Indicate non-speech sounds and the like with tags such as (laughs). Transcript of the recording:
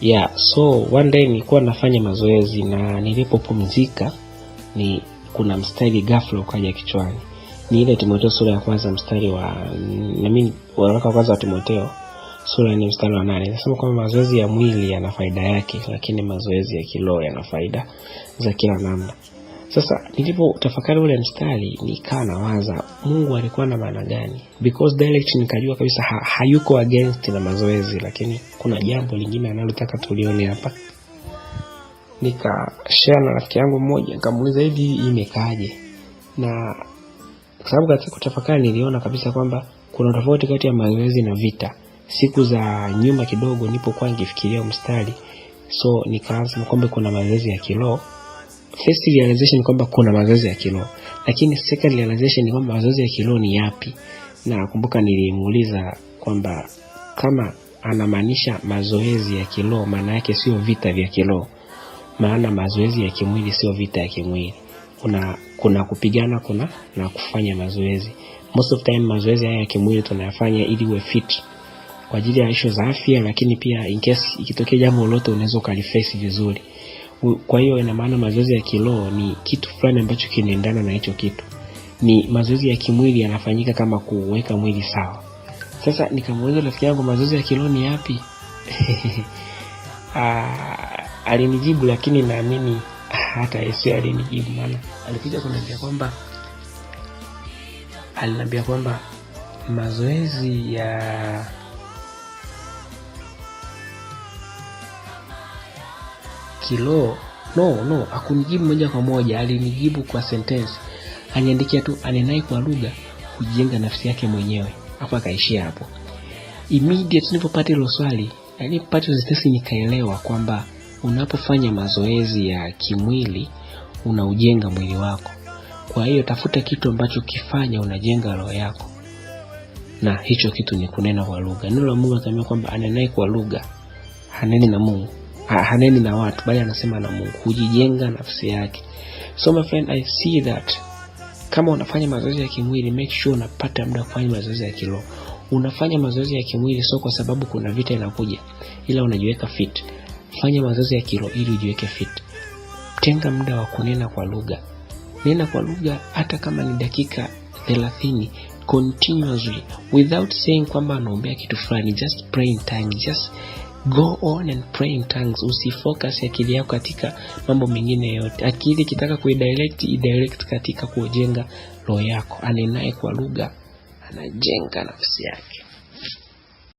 yeah, so one day nilikuwa nafanya mazoezi na nilipopumzika ni kuna mstari ghafla ukaja kichwani ni ile timoteo sura ya kwanza mstari wa nami waraka wa kwanza wa timoteo sura ni mstari wa nane nasema kwamba mazoezi ya mwili yana faida yake lakini mazoezi ya kiloo yana faida za kila namna sasa nilipo tafakari ule mstari nikaa nawaza Mungu alikuwa na maana gani, because direct nikajua kabisa ha, hayuko against na mazoezi, lakini kuna jambo lingine analotaka tulione hapa. Nikashare na rafiki yangu mmoja, nikamuuliza hivi imekaaje, na kwa sababu katika kutafakari niliona kabisa kwamba kuna tofauti kati ya mazoezi na vita. Siku za nyuma kidogo nipokuwa nikifikiria mstari, so nikaanza kwamba kuna mazoezi ya kiloo First realization ni kwamba kuna mazoezi ya kiroho, lakini second realization ni kwamba mazoezi ya kiroho ni yapi? Na kumbuka nilimuuliza kwamba kama anamaanisha mazoezi ya kiroho, maana yake sio vita vya kiroho, maana mazoezi ya kimwili sio vita ya kimwili. Kuna kuna kupigana, kuna na kufanya mazoezi. Most of time mazoezi haya ya kimwili tunayafanya ili uwe fit kwa ajili ya ishu za afya, lakini pia in case ikitokea jambo lolote unaweza ukaliface vizuri. Kwa hiyo ina maana mazoezi ya kiroho ni kitu fulani ambacho kinaendana na hicho kitu. Ni mazoezi ya kimwili yanafanyika kama kuweka mwili sawa. Sasa nikamuuliza rafiki yangu mazoezi ya kiroho ni yapi? (laughs) Ah, alinijibu lakini naamini hata Yesu alinijibu, maana alikuja kuniambia kwamba aliniambia kwamba mazoezi ya kilo No, no, akunijibu moja kwa moja, alinijibu kwa sentensi, aniandikia tu, anenaye kwa lugha kujenga nafsi yake mwenyewe, hapo akaishia hapo. Immediate nilipopata hilo swali, nilipopata sentensi nikaelewa kwamba unapofanya mazoezi ya kimwili unaujenga mwili wako. Kwa hiyo tafuta kitu ambacho kifanya unajenga roho yako, na hicho kitu ni kunena kwa lugha. Neno la Mungu natamia kwamba anenaye kwa lugha haneni na Mungu haneni na watu bali anasema na Mungu, hujijenga nafsi yake. So my friend, I see that kama unafanya mazoezi ya kimwili, make sure unapata muda kufanya mazoezi ya kiroho. Unafanya mazoezi ya kimwili sio kwa sababu kuna vita inakuja, ila unajiweka fit. Fanya mazoezi ya kiroho ili ujiweke fit. Tenga muda wa kunena kwa lugha, nena kwa lugha hata kama ni dakika 30 continuously without saying kwamba anaombea kitu fulani, just pray in tongues, just Go on and pray in tongues. Usifocus akili yako katika mambo mengine yote. Akili ikitaka kuidirect, idirect katika kujenga roho yako. Anenaye kwa lugha anajenga nafsi yake.